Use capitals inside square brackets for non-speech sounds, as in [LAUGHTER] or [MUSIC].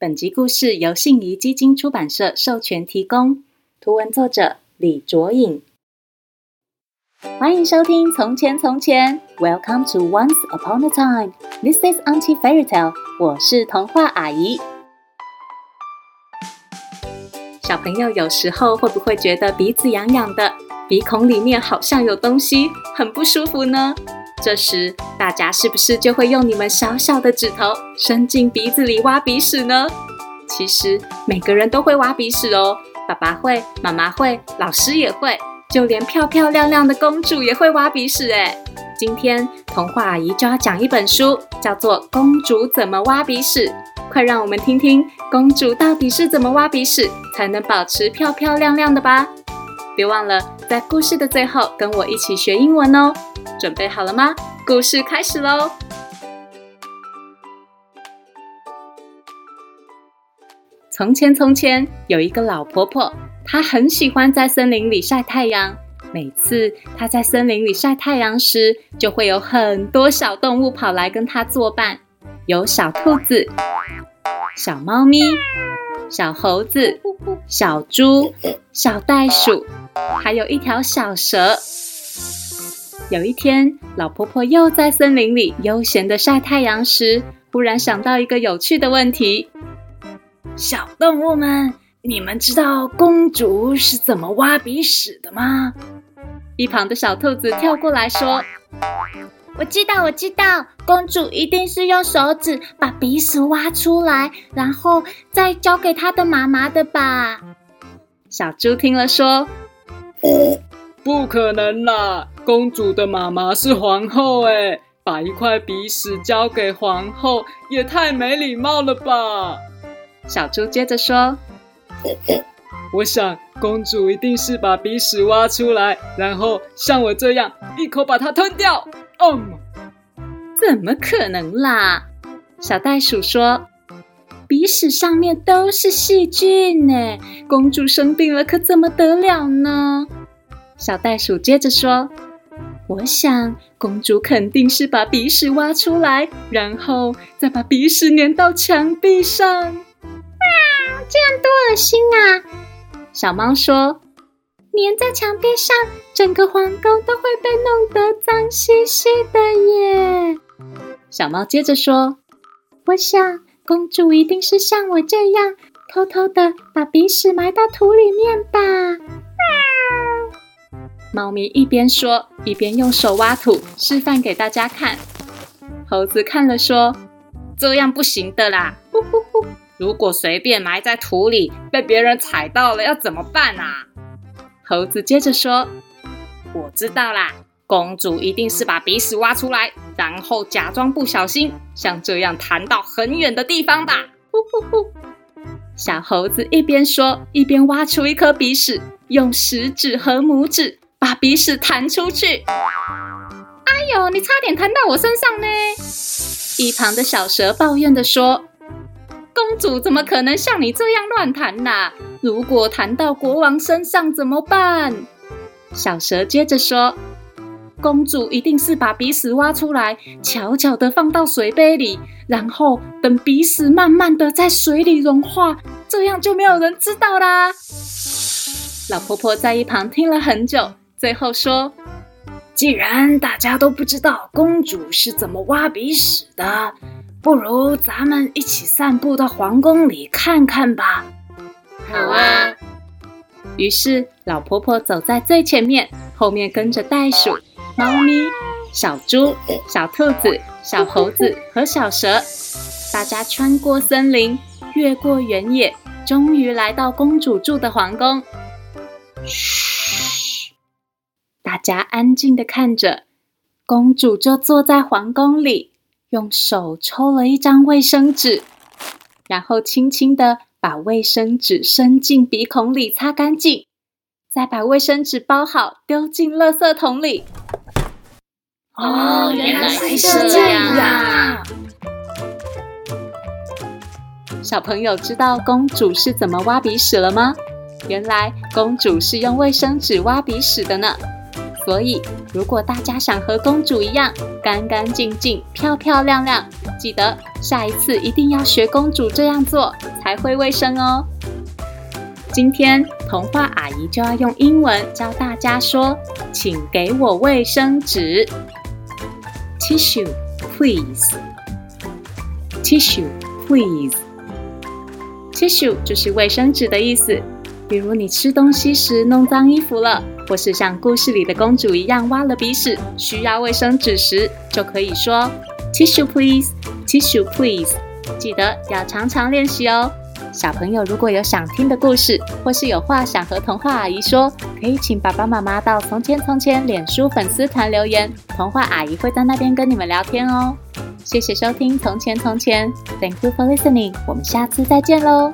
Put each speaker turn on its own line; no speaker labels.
本集故事由信誼基金出版社授權提供，圖文作者李卓穎。歡迎收聽《從前從前》，Welcome to Once Upon a Time，This is Auntie Fairy Tale，我是童話阿姨。小朋友有時候會不會覺得鼻子癢癢的，鼻孔裡面好像有東西，很不舒服呢？這時，大家是不是就會用你們小小的指頭伸進鼻子裡挖鼻屎呢？其實每個人都會挖鼻屎哦，爸爸會，媽媽會，老師也會，就連漂漂亮亮的公主也會挖鼻屎欸。今天童話阿姨就要講一本書，叫做《公主怎麼挖鼻屎》。快讓我們聽聽公主到底是怎麼挖鼻屎才能保持漂漂亮亮的吧！別忘了在故事的最後跟我一起學英文哦。準備好了嗎？故事開始嘍！從前從前有一個老婆婆，她很喜歡在森林裡曬太陽。每次她在森林裡曬太陽時，就會有很多小動物跑來跟她作伴，有小兔子、小貓咪、小猴子、小豬、小豬、小袋鼠，還有一條小蛇。有一天，老婆婆又在森林裡悠閒的曬太陽時，忽然想到一個有趣的問題：小動物們，你們知道公主是怎麼挖鼻屎的嗎？一旁的小兔子跳過來說：“我知道，我知道，公主一定是用手指把鼻屎挖出來，然後再交給她的媽媽的吧。”小豬聽了說：“哦，不可能啦！”公主的媽媽是皇后哎，把一塊鼻屎交給皇後也太沒禮貌了吧！小豬接着說：“ [LAUGHS] 我想公主一定是把鼻屎挖出來，然後像我這樣一口把它吞掉。”嗯，怎麼可能啦？小袋鼠說：“鼻屎上面都是細菌呢，公主生病了可怎麼得了呢？”小袋鼠接着說。我想，公主肯定是把鼻屎挖出來，然後再把鼻屎粘到牆壁上。啊，這樣多惡心啊！小貓說：“粘在牆壁上，整個皇宮都會被弄得髒兮兮的耶。”小貓接着說：“我想，公主一定是像我這樣，偷偷的把鼻屎埋到土裡面吧。”貓咪一邊說，一邊用手挖土，示範給大家看。猴子看了說：“這樣不行的啦，呼呼呼！如果隨便埋在土裡，被別人踩到了要怎麼辦啊？”猴子接着說：“我知道啦，公主一定是把鼻屎挖出來，然後假裝不小心，像這樣彈到很遠的地方吧！”呼呼呼。小猴子一邊說，一邊挖出一顆鼻屎，用食指和拇指。把鼻屎彈出去！哎呦，你差點彈到我身上呢！一旁的小蛇抱怨地說：“公主怎麼可能像你這樣亂彈啊？如果彈到國王身上怎麼辦？”小蛇接着說：“公主一定是把鼻屎挖出來，悄悄地放到水杯裡，然後等鼻屎慢慢地在水裡融化，這樣就沒有人知道啦。”老婆婆在一旁聽了很久。最後說：“既然大家都不知道公主是怎麼挖鼻屎的，不如咱們一起散步到皇宮裡看看吧。”好啊！於是老婆婆走在最前面，後面跟着袋鼠、貓咪、小豬、小兔子、小猴子和小蛇。大家穿過森林，越過原野，終於來到公主住的皇宮。噓。大家安靜的看着，公主就坐在皇宮裡，用手抽了一張衛生紙，然後輕輕的把衛生紙伸進鼻孔裡擦乾淨，再把衛生紙包好丟進垃圾桶裡。哦，原來是這樣。小朋友知道公主是怎麼挖鼻屎了嗎？原來公主是用衛生紙挖鼻屎的呢。所以，如果大家想和公主一樣乾乾淨淨、漂漂亮亮，記得下一次一定要學公主這樣做才會衛生哦。今天童話阿姨就要用英文教大家說：“請給我衛生紙。” Tissue, please. Tissue, please. Tissue 就是衛生紙的意思。比如你吃東西時弄髒衣服了，或是像故事裡的公主一樣挖了鼻屎，需要衛生紙時，就可以說 Tissue please, Tissue please。記得要常常練習哦。小朋友如果有想聽的故事，或是有話想和童話阿姨說，可以請爸爸媽媽到從前從前臉書粉絲團留言，童話阿姨會在那邊跟你們聊天哦。謝謝收聽從前從前，Thank you for listening。我們下次再見嘍。